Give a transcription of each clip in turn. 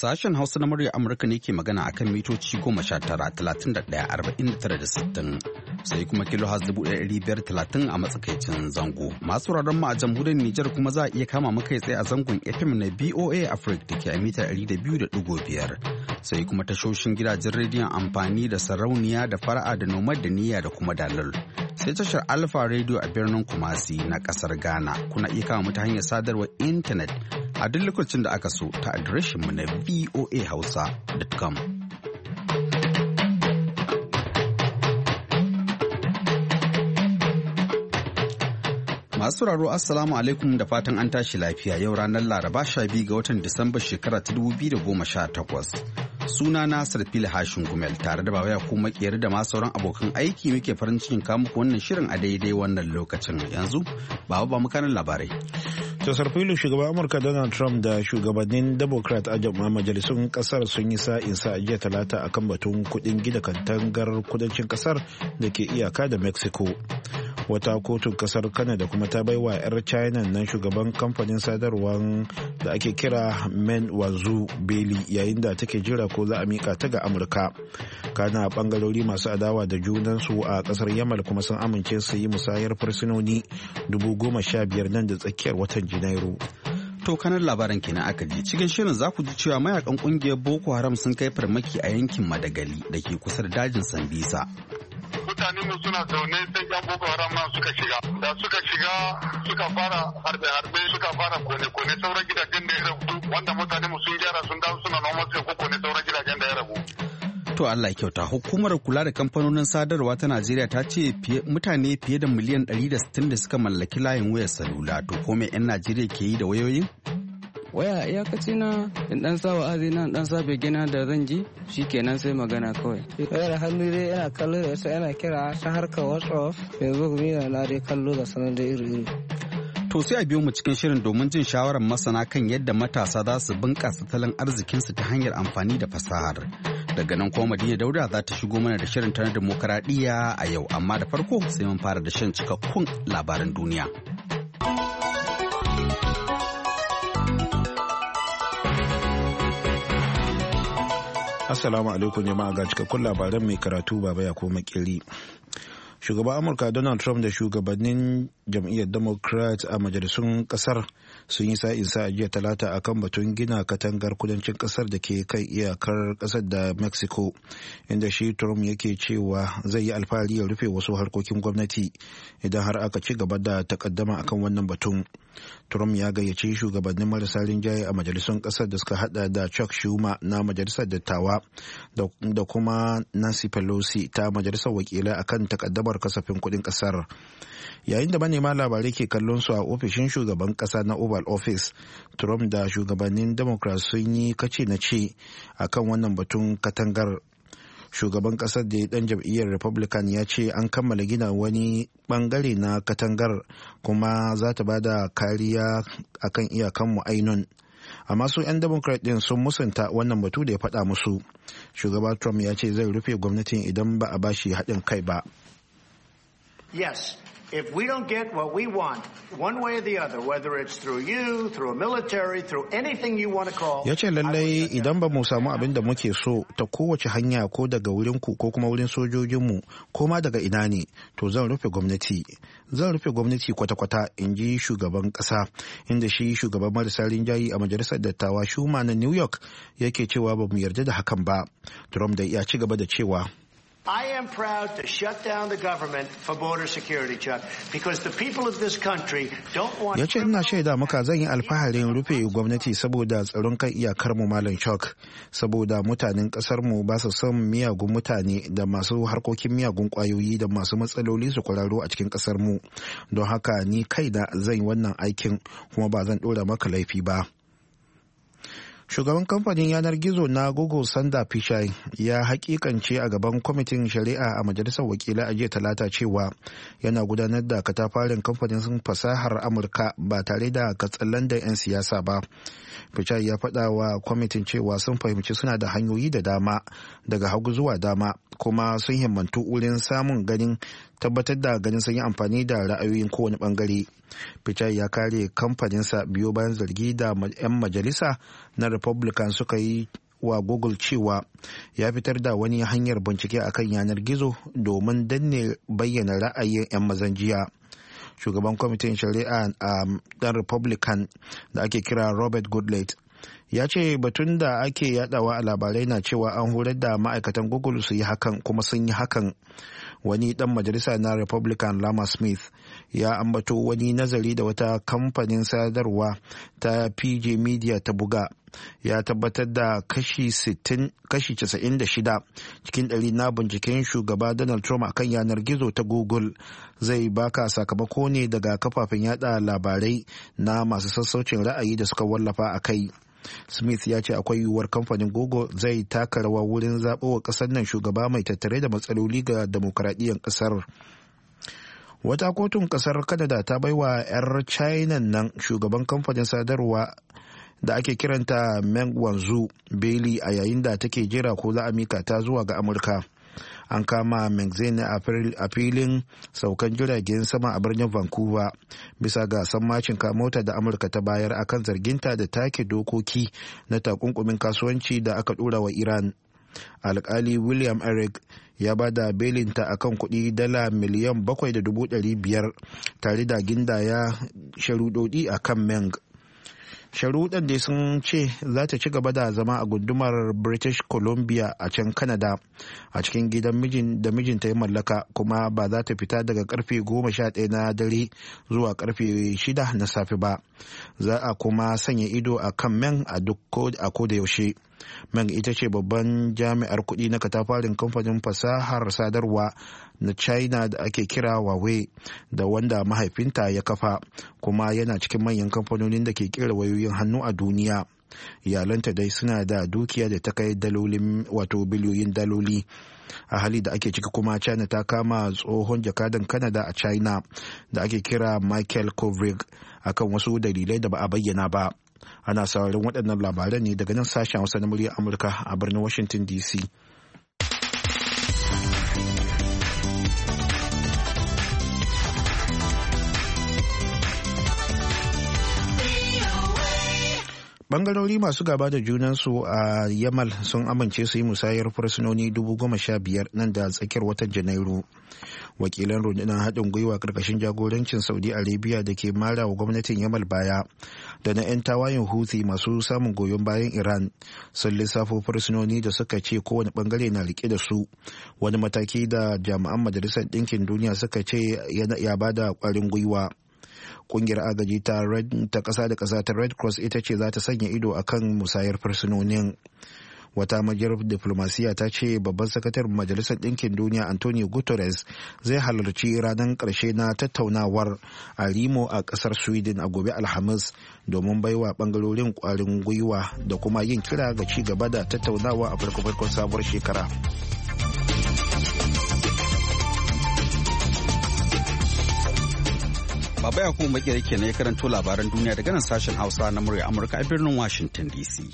Sashen Hausa na murya Amurka ne ke magana a kan mitoci goma sha tara talatin da ɗaya arba'in da da sittin sai kuma kilo has dubu ɗaya biyar talatin a matsakaicin zango. Masu wuraren mu a jamhuriyar Nijar kuma za a iya kama maka tsaye a zangon FM na BOA Africa da ke a mita ɗari da biyu da ɗigo biyar. Sai kuma tashoshin gidajen rediyon amfani da sarauniya da fara'a da nomad da niyya da kuma dalal. Sai tashar Alpha Radio a birnin Kumasi na ƙasar Ghana kuna iya kama mu ta hanyar sadarwar intanet a duk lokacin da aka so ta mu na voa hausa.com. Masu raro Assalamu alaikum da fatan an tashi lafiya yau ranar Laraba biyu ga watan Disamba shekara ta sha takwas suna na sarfil hashin gumel tare da baba ko makiyar da ma sauran abokan aiki muke farin cikin kamuka wannan shirin a daidai wannan lokacin yanzu baba ba mu labarai tasar filin shugaban amurka donald trump da shugabannin democrat a jama'a majalisun kasar sun yi sa'in sa a jiya talata akan batun kudin gida kantangar kudancin kasar da ke iyaka da mexico wata kotun kasar canada kuma ta baiwa 'yar china nan shugaban kamfanin sadarwar da ake kira men wazu beli yayin da take jira ko za a mika ta ga amurka kana bangarori masu adawa da junansu a kasar yamal kuma sun amince su yi musayar fursunoni dubu goma sha biyar nan da tsakiyar watan janairu to kanar labaran kenan aka ji cikin shirin za ku ji cewa mayakan kungiyar boko haram sun kai farmaki a yankin madagali da ke kusa da dajin sambisa mutane mu suna zaune sai yan boko haram ma suka shiga da suka shiga suka fara harbe harbe suka fara kone kone sauran gidajen da ya rabu wanda mutane mu sun gyara sun dawo suna noma ko kone sauran gidajen da ya rabu to Allah kyauta hukumar kula da kamfanonin sadarwa ta Najeriya ta ce mutane fiye da miliyan 160 da suka mallaki layin wayar salula to kome 'yan Najeriya ke yi da wayoyin? waya iyakaci na in dan sa wa'azi dan sa begina da zan ji kenan sai magana kawai wayar hannu dai yana kallo da wasu yana kira ta harkar whatsapp facebook mina na dai kallo da sanar da iri iri To sai a biyo mu cikin shirin domin jin shawarar masana kan yadda matasa za su bunƙasa tattalin arzikinsu ta hanyar amfani da fasahar. Daga nan kuma Madina Dauda za ta shigo mana da shirin ta na demokaradiyya a yau amma da farko sai mun fara da shan cikakkun labaran duniya. Assalamu alaikum jama'a ga cikakkun labaran mai karatu baba ya koma kiri. Shugaban Amurka Donald Trump da shugabannin jam'iyyar Democrat a majalisun kasar sun yi sa'in sa a jiya talata akan batun gina katangar kudancin kasar da ke kan iyakar kasar da Mexico inda shi Trump yake cewa zai yi alfahari ya rufe wasu harkokin gwamnati idan har aka ci gaba da takaddama akan wannan batun. Trump ya gayyace shugabannin marasa rinjaye a majalisun ƙasar da suka hada da Chuck Schumer na majalisar dattawa da kuma Nancy Pelosi ta majalisar wakilai akan takaddamar kasafin kuɗin ƙasar. Yayin da manema labarai ke kallon su a ofishin shugaban ƙasa na Oval Office, Trump da shugabannin Democrats sun yi kace na ce akan wannan batun katangar shugaban kasar da dan jam'iyyar republican ya ce an kammala gina wani bangare na katangar kuma za ta bada kariya akan iyakanmu ainun amma su 'yan democrat din sun musanta wannan batu da ya faɗa musu shugaba trump ya ce zai rufe gwamnatin idan ba a bashi haɗin kai ba yes if we don't get what we want, one way or the other, whether it's through you, through a military, through anything you want to call. Ya ce lallai idan ba mu samu abin da muke so ta kowace hanya ko daga wurinku ko kuma wurin sojojinmu ko ma daga ina ne, to zan rufe gwamnati. Zan rufe gwamnati kwata-kwata in ji shugaban ƙasa, inda shi shugaban marasa rinjayi a majalisar dattawa Shuma na New York yake cewa ba mu yarda da hakan ba. Trump da ya ci gaba da cewa. I am proud to shut down the government for border security, Chuck, because the people of this country don't want. Yace ina shaida maka zan yi alfaharin rufe gwamnati saboda tsaron kan iyakar mu Malam Chuck, saboda mutanen kasar mu ba su son miyagun mutane da masu harkokin miyagun kwayoyi da masu matsaloli su kwararo a cikin kasar mu. Don haka ni kai da zan yi wannan aikin kuma ba zan dora maka laifi ba. shugaban kamfanin yanar gizo na google sanda pichai ya hakikance a gaban kwamitin shari'a a majalisar wakilai a jiya talata cewa yana gudanar da katafarin kamfanin fasahar amurka ba tare da landan 'yan siyasa ba pichai ya faɗa wa kwamitin cewa sun fahimci suna da hanyoyi da dama daga hagu zuwa dama kuma sun himmantu wurin samun ganin tabbatar da ganin sun yi amfani da ra'ayoyin kowane bangare pichai ya kare kamfaninsa biyo bayan zargi da 'yan majalisa na republican suka yi wa google cewa ya fitar da wani hanyar bincike a kan yanar gizo domin danne bayyana ra'ayin 'yan mazan jiya shugaban kwamitin shari'a a um, dan republican da ake kira robert goodlett ya ce batun da ake yadawa a labarai na cewa an horar da ma'aikatan google su yi hakan kuma sun yi hakan wani dan majalisa na republican lama smith ya ambato wani nazari da wata kamfanin sadarwa ta pj media ta buga ya tabbatar da kashi 96 cikin ɗari na binciken shugaba donald trump akan yanar gizo ta google zai baka sakamako ne daga kafafen yada labarai na masu sassaucin ra'ayi da suka wallafa a kai smith ya ce akwai yiwuwar kamfanin gogo zai taka rawa wurin zaɓowa ƙasar nan shugaba mai tattare da matsaloli ga demokradiyyar ƙasar wata kotun ƙasar canada ta bai wa 'yar china nan shugaban kamfanin sadarwa da ake kiranta meng wanzu bailey a yayin da take jira ko za a mika ta zuwa ga amurka an kama magazine a filin saukan jiragen sama a birnin vancouver bisa ga sammacin kamota da amurka ta bayar akan zarginta da take dokoki na takunkumin kasuwanci da aka dora wa iran alkali william eric ya ba da belinta a kan kuɗi dala miliyan 7,500 tare da gindaya sharudodi a kan meng sharuɗan da sun ce za ta ci gaba da zama a gundumar british columbia a can canada a cikin gidan mijin da mijinta ya mallaka kuma ba za ta fita daga karfe 11 na dare zuwa karfe 6 na safe ba za a kuma sanya ido a kan men a duk a koda yaushe Meng ita ce babban jami'ar kudi na katafarin kamfanin fasahar sadarwa na China da ake kira Huawei da wanda mahaifinta ya kafa kuma yana cikin manyan kamfanonin da ke kira wayoyin hannu a duniya. Iyalanta dai suna da dukiya da ta kai dalolin wato biliyoyin daloli. a hali da ake ciki kuma china ta kama tsohon jakadan kanada a china da ake kira michael kovrig akan wasu dalilai da ba a bayyana ba ana sauraron waɗannan labaran ne daga nan sashen hausa na murya amurka a birnin washington dc bangarori masu gaba da junansu a yamal sun amince su yi musayar fursunoni dubu goma sha biyar nan da tsakiyar watan janairu wakilan rundunar haɗin gwiwa karkashin jagorancin saudi arabia da ke mara wa gwamnatin yamal baya da na 'yan tawayen houthi masu samun goyon bayan iran sun lissafo fursunoni da suka ce kowane bangare na rike da su wani mataki da jami'an majalisar ɗinkin duniya suka ce ya bada ƙwarin gwiwa kungiyar agaji ta red ta kasa da kasa ta red cross ita ce za ta sanya ido akan musayar fursunonin wata majiyar diplomasiya ta ce babban sakatar majalisar ɗinkin duniya antonio guterres zai halarci ranar ƙarshe na tattaunawar a rimo a ƙasar sweden a gobe alhamis domin baiwa ɓangarorin ƙwarin gwiwa da kuma yin kira ga ci gaba da tattaunawa a farko-farkon sabuwar shekara. Baba ya kuma ke na ya karanto labaran duniya daga nan sashen Hausa na murya Amurka a birnin Washington DC.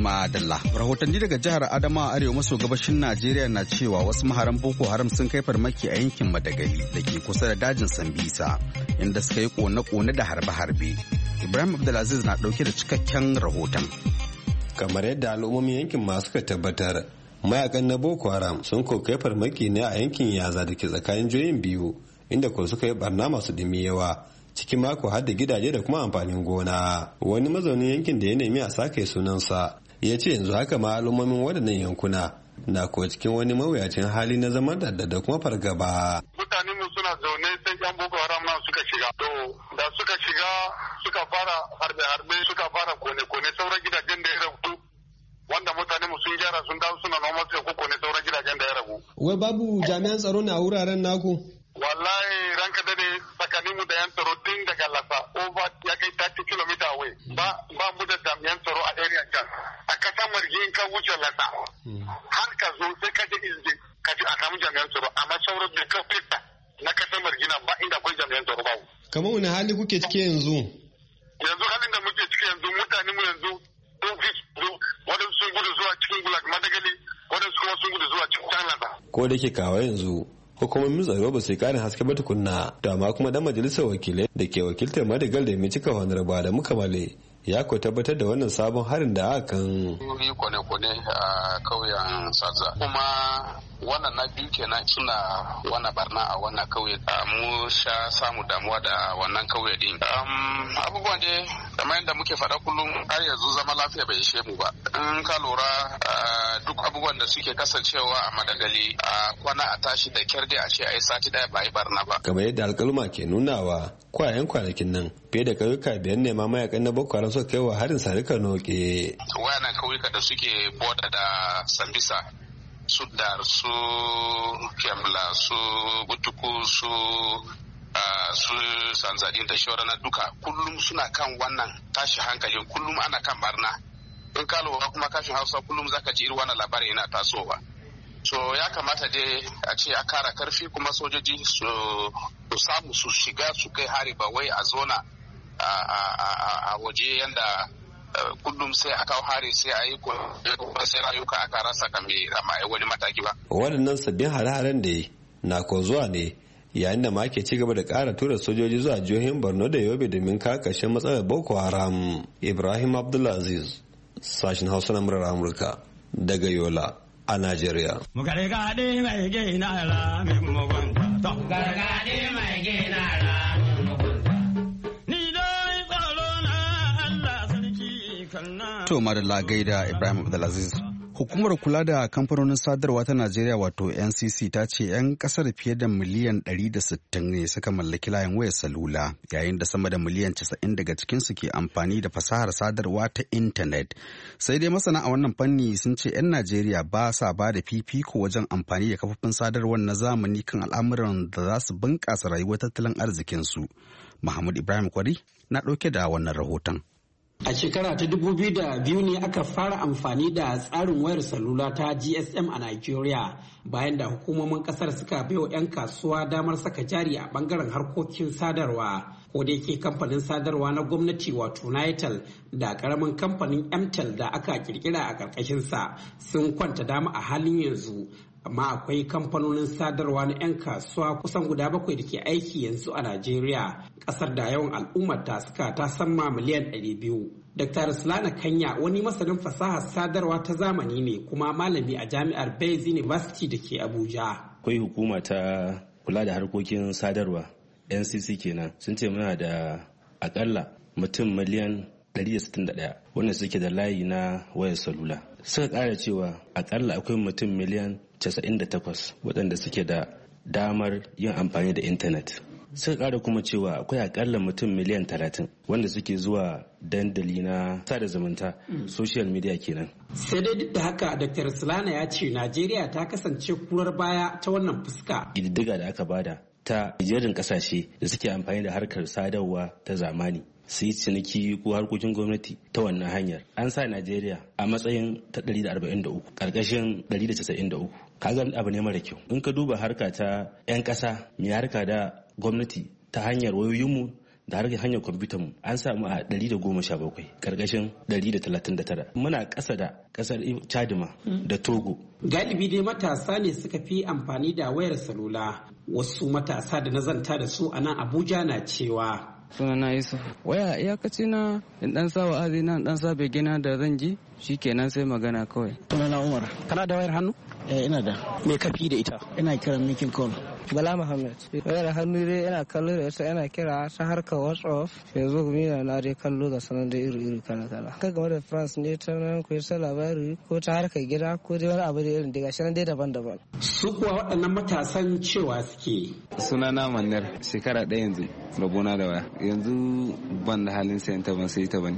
Madalla. Rahotanni daga jihar Adama Arewa maso gabashin Najeriya na cewa wasu maharan Boko Haram sun kai farmaki a yankin Madagali da ke kusa da dajin Sambisa inda suka yi kone-kone da harbe-harbe. Ibrahim Abdulaziz na ɗauke da cikakken rahoton. kamar yadda al'ummomin yankin ma suka tabbatar mayakan na boko haram sun kokai farmaki ne a yankin yaza da ke tsakanin joyin biyu inda ko suka yi barna masu dumi yawa cikin mako har da gidaje da kuma amfanin gona wani mazaunin yankin da ya nemi a sake sunansa ya ce yanzu haka ma al'ummomin waɗannan yankuna na ko cikin wani mawuyacin hali na zama da da kuma fargaba mutanenmu mu suna zaune sai yan boko haram nan suka shiga to da suka shiga suka fara harbe harbe suka fara kone kone sauran gida magana sun dawo suna noma sai kuku ne sauran gidajen da ya ragu. Wai babu jami'an tsaro na wuraren naku? Wallahi ranka da ne tsakanin mu da yan tsaro din daga Lasa over ya kai 30 km away hmm. ba ba mu da jami'an tsaro a area can. A kasa marge in ka wuce Lasa hmm. har ka zo sai ka je izini ka ji a samu jami'an tsaro amma sauran da ka fita na kasa margina ba inda akwai jami'an tsaro ba. Kamar wani hali kuke cike yanzu? ko da ke kawo yanzu hukumomin tsaro ba su karin haske ba tukunna dama ma kuma dan majalisar wakilai da ke wakiltar madigal da mai cika raba da muka male ya ko tabbatar da wannan sabon harin da aka kan kone-kone a kauyen sarza kuma wannan na biyu kenan suna wannan barna a wannan kauye ah, mu sha samu damuwa da wannan kauye din abubuwan dai kamar yadda muke faɗa kullum har yanzu zama lafiya bai ishe mu ba in ka lura ah, duk abubuwan da suke kasancewa a madagali a kwana a tashi da kyar a ce a yi sati daya ba yi barna ba kamar yadda alkaluma ke nunawa kwayan kwanakin nan fiye da ƙauyuka biyar ne ma mayakan na boko haram suka kai wa harin sarika noke wayanan ƙauyuka da suke boda da sambisa su dar su kemla su butuku su su sanzadin da na duka kullum suna kan wannan tashi hankali. kullum ana kan barna in ka lura kuma kashin hausa kullum zaka ji irin wannan labarin yana tasowa so ya kamata dai a ce a kara karfi kuma sojoji su samu su shiga su kai hari ba wai a zona a waje yanda Eh, kullum sai a kawo hari sai a yi sai rayuka aka rasa rama a wani mataki ba. waɗannan sabbin hare-haren da na ko zuwa ne yayin da ma ke ci gaba da ƙara tura sojoji zuwa jihohin borno da yobe domin kakashe matsalar boko haram ibrahim abdulaziz sashen hausa na murar amurka daga yola a najeriya gargaɗe mai gina ra mai mugunta mai gina ra To Madalla gaida Ibrahim Abdulaziz. Hukumar kula da kamfanonin sadarwa ta Najeriya wato NCC ta ce 'yan kasar fiye da miliyan 160 ne suka mallaki layin wayar salula yayin da sama da miliyan 90 daga cikinsu ke amfani da fasahar sadarwa ta intanet. Sai dai masana a wannan fanni sun ce 'yan Najeriya ba sa ba da fifiko wajen amfani da kafofin sadarwar na zamani kan al'amuran da za su bunƙasa rayuwar tattalin arzikinsu. Muhammad Ibrahim Kwari na ɗauke da wannan rahoton. A shekara ta dubu biyu da biyu ne aka fara amfani da tsarin wayar salula ta GSM a Najeriya bayan da hukumomin kasar suka baiwa 'yan kasuwa damar saka jari a bangaren harkokin sadarwa. Ko da yake kamfanin sadarwa na gwamnati wato Nitel da karamin kamfanin MTEL da aka kirkira a karkashinsa sun kwanta dama a halin yanzu amma akwai kamfanonin sadarwa na 'yan kasuwa kusan guda bakwai da ke aiki yanzu a Najeriya kasar da yawan al'ummar ta suka ta samma miliyan 200. Dr. Slana Kanya wani masanin fasahar sadarwa ta zamani ne kuma malami a jami'ar Bayes University da ke Abuja. Akwai hukuma ta kula da harkokin sadarwa NCC kenan sun ce muna da akalla mutum miliyan 161 wanda suke da layi na wayar salula. suka kara cewa akalla akwai mutum miliyan 98 waɗanda suke da damar yin amfani da intanet suka kara kuma cewa akwai akalla mutum miliyan 30 wanda suke zuwa dandali na sada zumunta mm. social media kenan sai dai duk da haka dr silana ya ce najeriya ta kasance kurar baya ta wannan fuska ƙididdiga da aka bada ta jerin kasashe da suke amfani da harkar sadarwa ta zamani su yi ciniki ko harkokin gwamnati ta wannan hanyar an sa najeriya a matsayin ta 143 karkashin 193 kaga abu ne mara kyau in ka duba harka ta 'yan ƙasa mai harka da gwamnati ta hanyar wayoyinmu da harka hanyar kwamfutar mu an samu a 117 karkashin 139 muna kasa da ƙasar chadima da togo galibi dai matasa ne suka fi amfani da wayar salula wasu matasa da na zanta da su a nan abuja na cewa sunana yusuf waya iyakaci na in dan sa wa'azi na dan sa begina da zan ji shi kenan sai magana kawai na umar kana da wayar hannu eh ina da me kafi da ita ina kiran mikin call Bala Muhammad. Wayar hannu dai yana kallo da ita yana kira ta harkar WhatsApp, Facebook mina na dai kallo ga sanar da iri-iri kala-kala. Kan game da France ne ta nan ku ta labari ko ta harkar gida ko dai wani abu da irin daga shi dai daban-daban. Su kuwa waɗannan matasan cewa suke. Sunana Manar shekara ɗaya yanzu rabona da waya. Yanzu ban da halin sayan ta ban sai ta bane.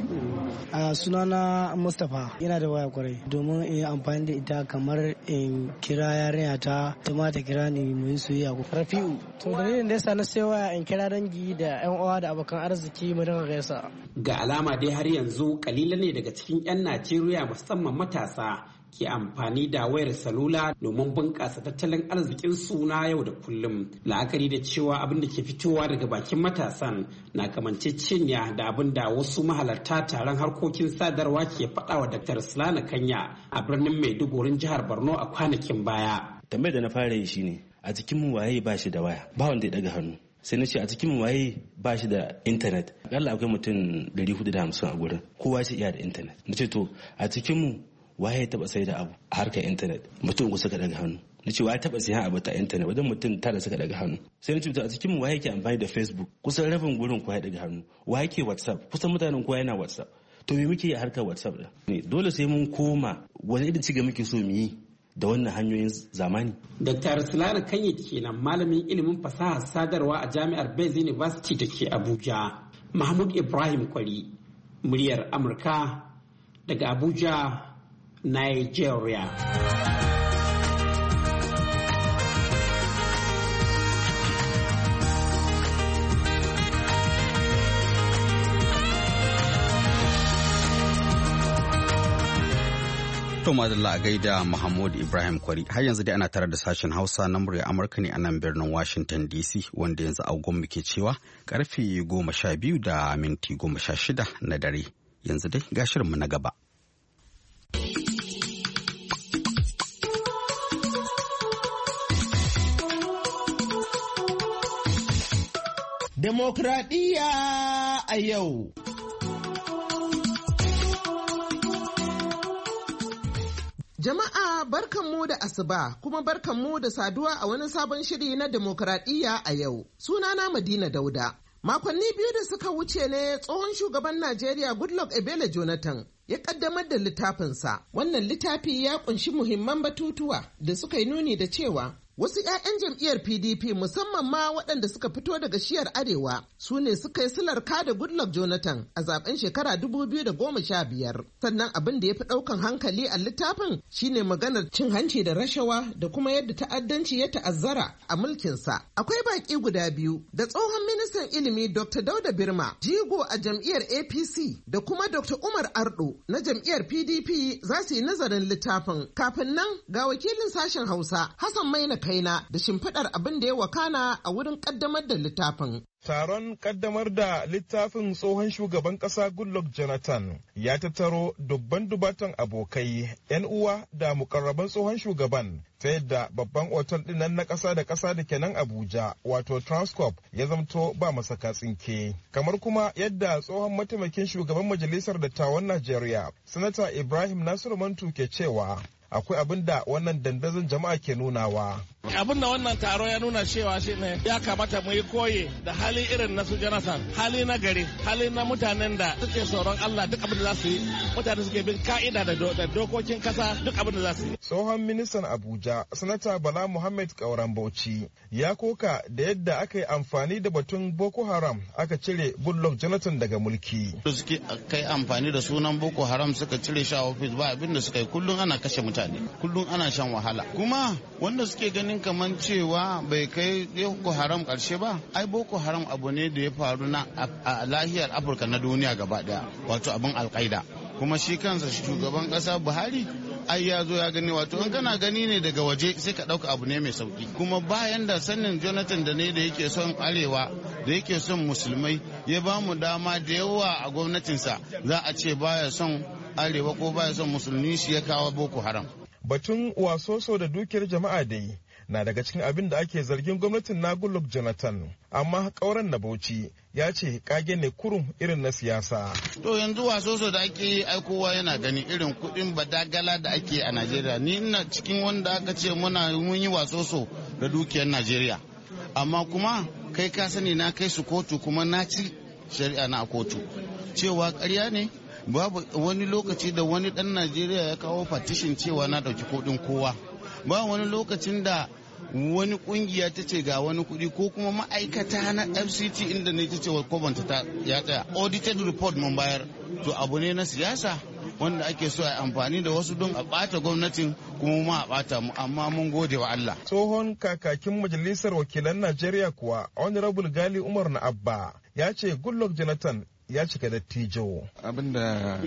Sunana Mustapha yana da waya kwarai domin in amfani da ita kamar in kira yarinya ta ta ma ta kira ni mu yi soyayya Rabi'u. Rafi'u. To dalilin da yasa na sayo waya in kira dangi da yan uwa da abokan arziki mu dinga gaisa. Ga alama dai har yanzu kalila ne daga cikin 'yan Najeriya musamman matasa ke amfani da wayar salula domin bunƙasa tattalin arzikin suna yau da kullum la'akari da cewa abin da ke fitowa daga bakin matasan na kamance cinya da abin da wasu mahalarta taron harkokin sadarwa ke faɗawa wa daktar silana kanya a birnin maiduguri jihar borno a kwanakin baya tambayar da na fara yi shine a cikin waye ba shi da waya ba wanda ya daga hannu sai na ce a cikin waye ba shi da intanet akalla akwai mutum 450 a gurin kowa shi iya da intanet na ce to a cikin mu waye ya taba sai da abu a harkar intanet mutum ku suka daga hannu na ce waye taba sayan abu ta intanet wajen mutum tara suka daga hannu sai na ce a cikin mu waye ke amfani da facebook kusan rabin gurin ku ya daga hannu waye ke whatsapp kusan mutanen ku yana whatsapp to me muke yi a harkar whatsapp da dole sai mun koma wani irin ci muke so mu yi da wannan hanyoyin zamani. Dr. Silana Kanye kenan malamin ilimin fasaha sadarwa a jami'ar Bez University da ke Abuja. Mahmud Ibrahim Kwari, muryar Amurka daga Abuja, Nigeria. To madalla a gaida Muhammad Ibrahim Kwari har yanzu dai ana tare da sashen Hausa na murya Amurka ne a nan birnin Washington DC wanda yanzu agon muke cewa karfe goma sha biyu da minti goma sha shida na dare yanzu dai ga shirinmu na gaba. Demokradiyya a yau. Jama'a barkan mu da asuba kuma barkan mu da saduwa a wani sabon shiri na demokradiyya a yau. Sunana Madina Dauda. Makonni biyu da suka wuce ne tsohon shugaban Najeriya Goodluck Ebele Jonathan ya kaddamar da littafinsa. Wannan littafi ya kunshi muhimman batutuwa da suka yi nuni da cewa Wasu 'ya'yan jam'iyyar PDP musamman ma waɗanda suka fito daga shiyar Arewa su ne suka yi silar kada Goodluck Jonathan a zaben shekara 2015. Sannan abin da ya fi ɗaukan hankali a littafin shine maganar cin hanci da rashawa da kuma yadda ta'addanci ya ta'azzara a mulkinsa. Akwai baƙi guda biyu da tsohon ministan ilimi Dr. Dauda Birma jigo a jam'iyyar APC da kuma Dr. Umar Ardo na jam'iyyar PDP za su yi nazarin littafin. Kafin nan ga wakilin sashen Hausa Hassan Maina kaina da shimfiɗar abin da ya wakana a wurin ƙaddamar da littafin. Taron kaddamar da littafin tsohon shugaban kasa Goodluck Jonathan ya tattaro dubban dubatan abokai, 'yan uwa da mukarraban tsohon shugaban ta yadda babban otal dinnan na kasa da kasa da kenan Abuja wato Transcorp ya zamto ba masaka tsinke. Kamar kuma yadda tsohon mataimakin shugaban majalisar dattawan Najeriya, Sanata Ibrahim Nasiru Mantu ke cewa akwai abin da wannan dandazon jama'a ke nunawa abin da wannan taro ya nuna cewa shi ne ya kamata mu yi koyi da hali irin na su jonathan hali na gari hali na mutanen da suke tsoron allah duk abin da za su yi mutane suke bin ka'ida da dokokin kasa duk abin da za su yi tsohon ministan abuja sanata bala muhammad kauran bauchi ya koka da yadda aka yi amfani da batun boko haram aka cire bullock jonathan daga mulki da suke kai amfani da sunan boko haram suka cire shi a ofis ba abin da suka yi kullum ana kashe mutane kullum ana shan wahala kuma wanda suke ganin ganin kamar cewa bai kai boko haram karshe ba ai boko haram abu ne da ya faru na a lahiyar afirka na duniya gaba daya wato abin alkaida kuma shi kansa shugaban kasa buhari ai ya zo ya gani wato in kana gani ne daga waje sai ka ɗauka abu ne mai sauki kuma bayan da sanin jonathan da ne da yake son arewa da yake son musulmai ya ba mu dama da yawa a gwamnatinsa za a ce baya son arewa ko baya son musulmi shi ya kawo boko haram batun wasoso da dukiyar jama'a dai na daga cikin abin da ake zargin gwamnatin na Goodluck Jonathan. Amma kauran na Bauchi ya ce kage ne kurum irin na siyasa. To yanzu wasoso da ake aikowa yana gani irin kuɗin badagala da ake a Najeriya. Ni na cikin wanda aka ce muna mun yi wasoso da dukiyar Najeriya. Amma kuma kai ka sani na kai su kotu kuma na ci shari'a na kotu. Cewa karya ne babu wani lokaci da wani ɗan najeriya ya kawo partition cewa na ɗauki kudin kowa ba wani lokacin da wani kungiya ta ce ga wani kuɗi ko kuma ma'aikata na fct inda ne ta ce kwabanta ta ya tsaya audited report mun bayar to abu ne na siyasa wanda ake so a amfani da wasu don a ɓata gwamnatin kuma ma a ɓata mu amma mun gode wa Allah. Tsohon kakakin majalisar wakilan Najeriya kuwa Honorable Gali Umar na Abba ya ce Goodluck Jonathan ya cika da tijo. Abin da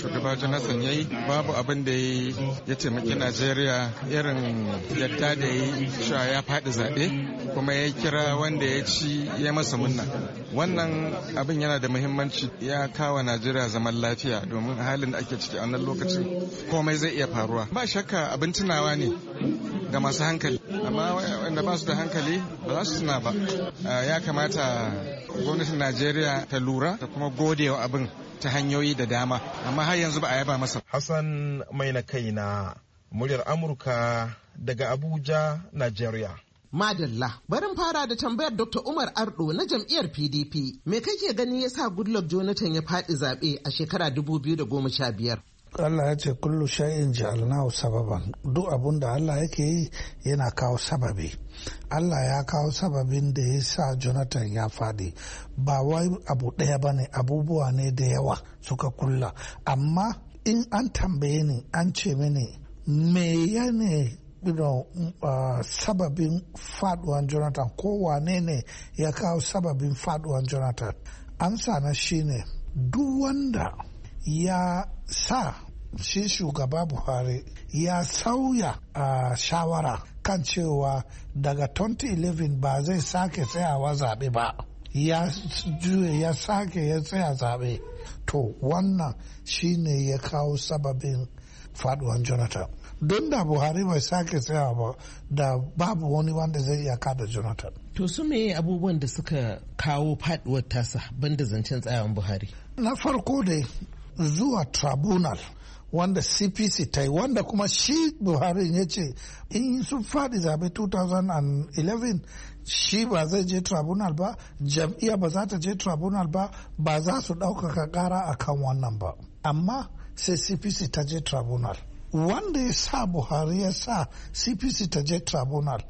shugaba Jonathan ya yi babu abin da ya taimaki Najeriya irin yadda da ya yi ya faɗi zaɓe kuma ya kira wanda ya ci ya masa munna. Wannan abin yana da muhimmanci ya kawo Najeriya zaman lafiya domin halin da ake ciki a wannan lokaci komai zai iya faruwa. Ba shakka abin tunawa ne ga masu hankali amma wanda ba su da hankali ba za su tuna ba. Ah, ya kamata gwamnatin najeriya ta lura ta kuma gode abin ta hanyoyi da dama amma har yanzu ba a yaba masa hassan mai na kai na muryar amurka daga abuja najeriya Madalla, barin fara da tambayar Dr. Umar Ardo na jam'iyyar PDP. Me kake gani ya sa Goodluck Jonathan ya faɗi zaɓe a shekara 2015? Allah ya ce kullu sha'in ja'alnahu sababan duk abun da Allah yake yi yana kawo sababi Allah ya kawo sababin da ya sa Jonathan ya faɗi ba wai abu ɗaya ba ne abubuwa ne da yawa suka kulla amma in an tambaye ni an ce mini me ya ne uh, sababin faduwan jonathan ko wane ne ya kawo sababin faduwan jonathan amsa na shine duk wanda ya sa shi shugaba buhari ya sauya a shawara kan cewa daga 2011 ba zai sake tsayawa zaɓe ba ya juye ya sake ya tsaya zaɓe to wannan shine ya kawo sababin faduwan jonathan don da buhari bai sake tsaya ba da babu wani wanda zai iya kada jonathan to su me abubuwan da suka kawo faduwar tasa banda zancen tsayawan buhari na farko dai zuwa tribunal wanda cpc ta yi wanda kuma shi buhari ya ce in sun faɗi zaɓe 2011 shi ba zai je tribunal ba jam'iya ba za ta je tribunal ba ba za su ɗaukaka ƙara a kan wannan ba amma sai cpc ta je tribunal wanda ya sa buhari ya sa cpc ta je tribunal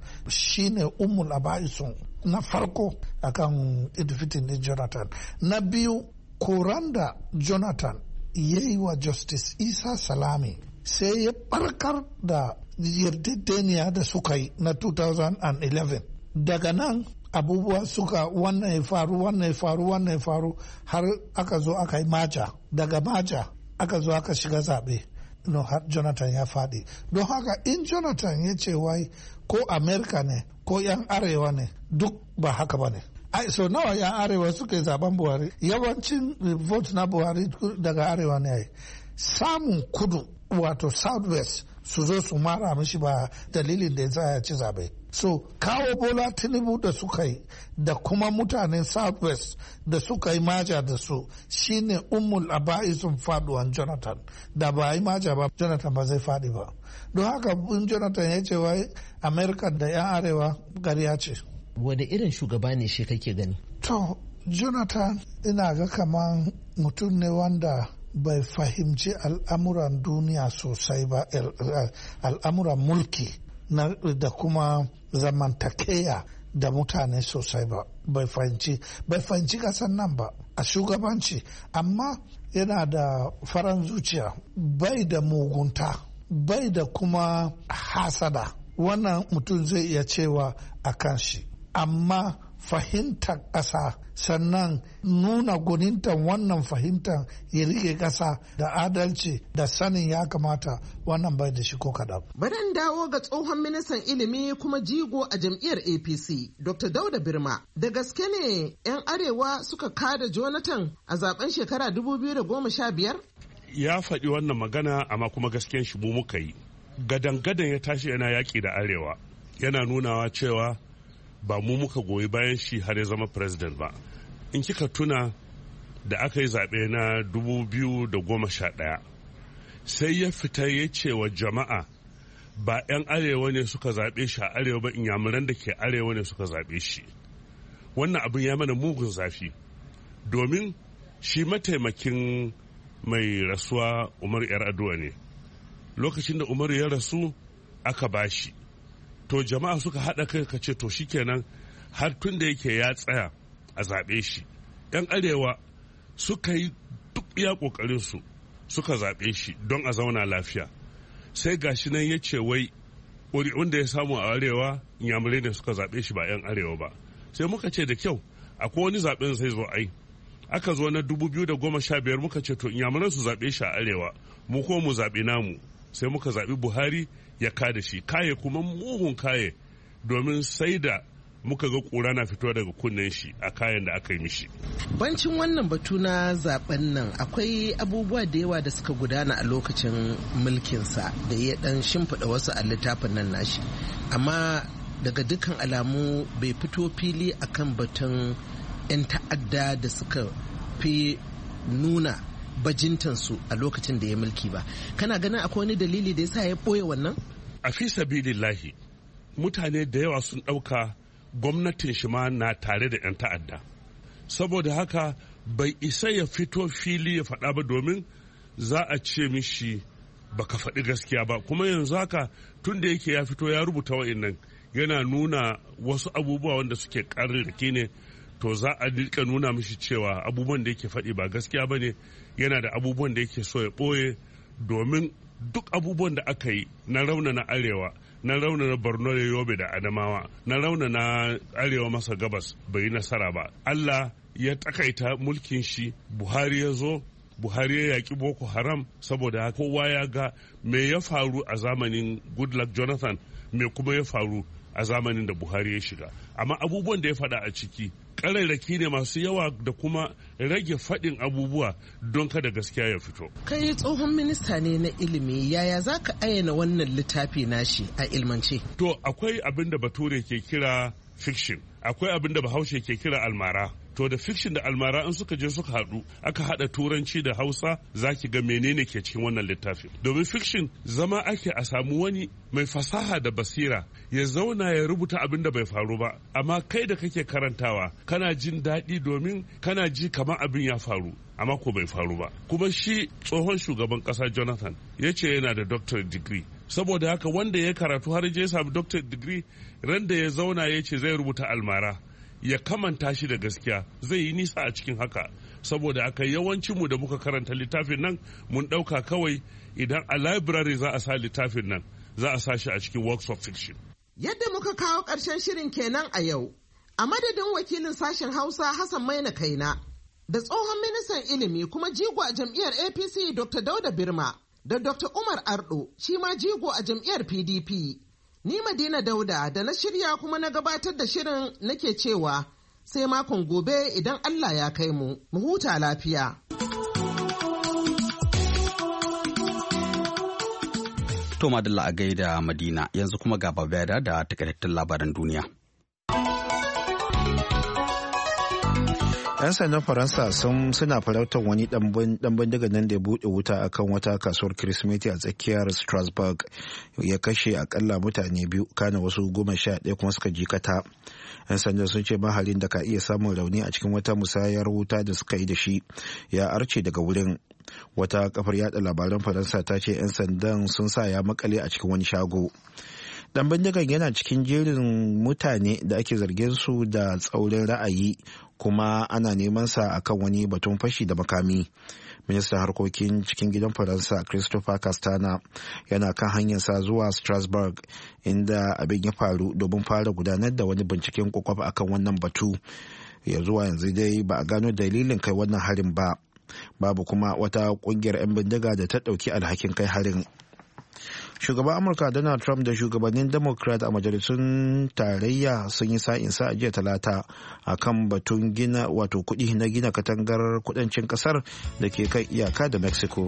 ne umul abaisu na farko akan kan jonathan na biyu koran da jonathan ya yi wa justice isa salami sai ya barkar da yarjejeniya da suka yi na 2011 daga nan abubuwa suka wannan ya faru wannan ya faru wannan ya faru har aka zo aka yi maja daga maja aka zo aka shiga zaɓe no har jonathan ya faɗi don haka in jonathan ya ce wai ko amerika ne ko yan arewa ne duk ba haka ba ne ai so nawa yan arewa suka yi zaben buhari yawancin vote na buhari daga arewa ne samun kudu wato southwest su zo su mara mishi ba dalilin da ya ci zabe so kawo bola tinubu da suka yi da kuma mutanen southwest da suka yi maja da su shine umul aba'isun faduwan jonathan da ba yi maja ba jonathan ba zai fadi ba don haka in jonathan ya ce wa america da yan arewa gariya ce wani irin shugaba ne shi kake gani to jonathan ina ga kaman mutum ne wanda bai fahimci al'amuran duniya sosai ba al'amuran mulki da kuma zamantakeya da mutane sosai ba bai fahimci bai fahimci kasan nan ba a shugabanci amma yana da faran zuciya bai da mugunta bai da kuma hasada wannan mutum zai iya cewa a kan shi amma fahimtar ƙasa sannan nuna gunintan wannan fahimtar ya rike ƙasa da adalci da sanin ya kamata wannan bai da shi ko kaɗan. Baran dawo ga tsohon ministan ilimi kuma jigo a jam'iyyar APC Dr. Dauda Birma. Da gaske ne 'yan arewa suka kada Jonathan a zaben shekara 2015? Ya faɗi wannan magana amma kuma gaskiyan shi mu muka yi. Gadan-gadan ya tashi yana yaƙi da arewa. Yana nunawa cewa ba mu muka goyi bayan shi har ya zama president ba in kika tuna da aka yi zaɓe na 2011 sai ya fita ya ce wa jama'a ba 'yan arewa ne suka zaɓe shi a arewa ba in inyamuran da ke arewa ne suka zaɓe shi wannan abin ya mana mugun zafi domin shi mataimakin mai rasuwa Umaru yar aduwa ne lokacin da umaru ya rasu aka bashi to jama'a suka haɗa kai ka ce to shikenan har tun da yake ya tsaya a zaɓe shi yan arewa suka yi duk iya ƙoƙarinsu suka zaɓe shi don a zauna lafiya sai gashi nan ya ce wai ƙuri'un da ya samu a arewa yamurai ne suka zaɓe shi ba 'yan arewa ba sai muka ce da kyau akwai wani zaɓen sai zo ai aka zo na sha biyar muka ce to yamurai su zaɓe shi a arewa mu ko mu zaɓi namu sai muka zaɓi buhari ya kada shi kaye kuma mugun kaye domin sai da muka ga kura na fito daga kunnen shi a kayan da aka yi mishi. Bancin wannan batu na zaben nan akwai abubuwa da yawa da suka gudana a lokacin mulkinsa da ya dan shimfiɗa wasu a littafin nan nashi. Amma daga dukkan alamu bai fito fili akan batun 'yan ta'adda da suka fi nuna bajintansu a lokacin da ya mulki ba. Kana ganin akwai wani dalili da ya sa ya ɓoye wannan? a fi sabilillahi mutane da yawa sun ɗauka gwamnatin shi ma na tare da 'yan ta'adda saboda haka bai isa ya fito fili ya faɗa ba domin za a ce mishi ba ka faɗi gaskiya ba kuma yanzu haka tun da yake ya fito ya rubuta wa'annan yana nuna wasu abubuwa wanda suke ƙarrarki ne to za a rika nuna mishi cewa abubuwan da yake faɗi ba gaskiya ba ne yana da abubuwan da yake so ya ɓoye domin duk abubuwan da aka yi na raunana arewa na raunana borno da yobe da adamawa na raunana arewa masa gabas bai yi nasara ba allah ya takaita mulkin shi buhari ya zo buhari ya yaƙi boko haram saboda kowa ya ga me ya faru a zamanin goodluck jonathan me kuma ya faru a zamanin da buhari ya shiga amma abubuwan da ya faɗa a ciki ƙararraki ne masu yawa da kuma rage faɗin abubuwa don kada gaskiya ya fito kai tsohon minista ne na ilimi yaya za ka ayyana wannan littafi nashi a ilmance to akwai abin da bature ke kira fiction akwai abin da bahaushe ke kira almara to da fiction da almara in suka je suka haɗu aka haɗa turanci da hausa za ki ga menene ke cikin wannan littafin domin fiction zama ake a samu wani mai fasaha da basira ya zauna ya rubuta abin da bai faru ba amma kai da kake karantawa kana jin daɗi domin kana ji kamar abin ya faru amma ko bai faru ba kuma shi tsohon shugaban ƙasa jonathan ya ce yana da Doctor degree saboda haka wanda ya karatu har je samu Doctor degree ran da ya zauna ya ce zai rubuta almara ya kamanta shi da gaskiya zai yi nisa a cikin haka saboda aka yawancin mu da muka karanta littafin nan mun ɗauka kawai idan a library za a sa littafin nan za a sa shi a cikin works of fiction. Yadda muka kawo ƙarshen shirin kenan a yau, a madadin wakilin sashen Hausa Hassan Maina Kaina, da tsohon ministan ilimi kuma jigo a jam'iyyar APC Dr. Dauda Birma, da Dr. Umar Ardo, shi ma jigo a jam'iyyar PDP. Ni Madina Dauda da na shirya kuma na gabatar da shirin nake cewa sai makon gobe idan Allah ya kai mu, mu huta lafiya. Toma da a gaida Madina yanzu kuma ga da da takaitattun labaran duniya. 'yan sandan faransa sun suna farautar wani dan bindiga nan da ya buɗe wuta akan wata kasuwar kirismeti a tsakiyar strasbourg ya kashe akalla mutane biyu kana wasu goma sha ɗaya kuma suka jikata 'yan sandan sun ce mahalin da ka iya samun rauni a cikin wata musayar wuta da suka yi da shi ya arce daga wurin wata kafar yada labaran faransa ta ce 'yan sandan sun sa ya makale a cikin wani shago dan bindigan yana cikin jerin mutane da ake zargin su da tsaurin ra'ayi kuma ana neman sa akan wani batun fashi da makami ministan harkokin cikin gidan faransa christopher castana yana kan hanyar sa zuwa strasbourg inda abin ya faru domin fara gudanar da wani binciken kwakwaf akan wannan batu ya zuwa yanzu dai ba a gano dalilin kai wannan harin ba babu kuma wata kungiyar 'yan bindiga da ta ɗauki alhakin kai harin shugaban amurka donald trump da shugabannin democrat a majalisun tarayya sun yi sa'insa a jiya talata a kan batun gina wato kudi na gina katangar kudancin kasar da ke kan iyaka da mexico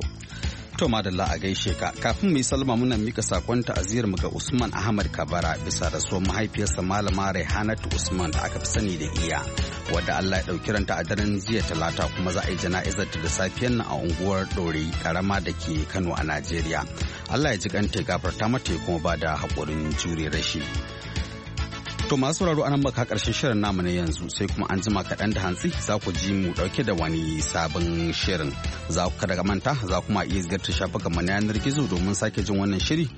To madalla a gaishe ka kafin mu yi salma muna mika sakon ta'aziyar mu ga Usman Ahmad Kabara bisa da rasuwar mahaifiyarsa malama Raihanatu Usman da aka fi sani da iya wadda Allah ya dauki ranta a daren jiya talata kuma za a yi jana'izar da safiyar nan a unguwar Dore karama da ke Kano a Najeriya. Allah ya ji kanta gafarta mata kuma ba da haƙurin jure rashi. To masu sauraro anan baka karshen shirin namu ne yanzu sai kuma an jima kaɗan da hantsi za ku ji mu ɗauke da wani sabon shirin. Za ku kada manta za kuma iya ziyarta shafukan mu na yanar gizo domin sake jin wannan shiri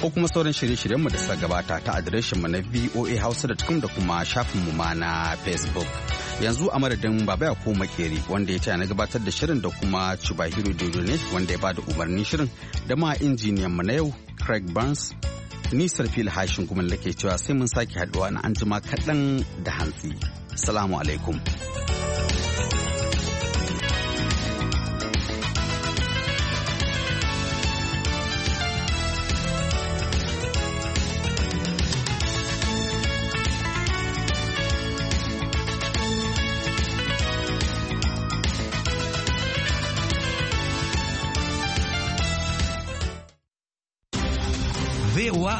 ko kuma sauran shirye-shiryen mu da suka gabata ta adireshin mu na voa hausa da da kuma shafin mu ma na Facebook. Yanzu a madadin Baba ko Makeri wanda ya taya na gabatar da shirin da kuma Chubahiro Dodo wanda ya bada umarnin shirin da ma injiniyan mu na yau Craig Burns ni fil hashin kuma lake cewa sai mun sake haduwa na anjima kaɗan da hantsi. Salamu alaikum.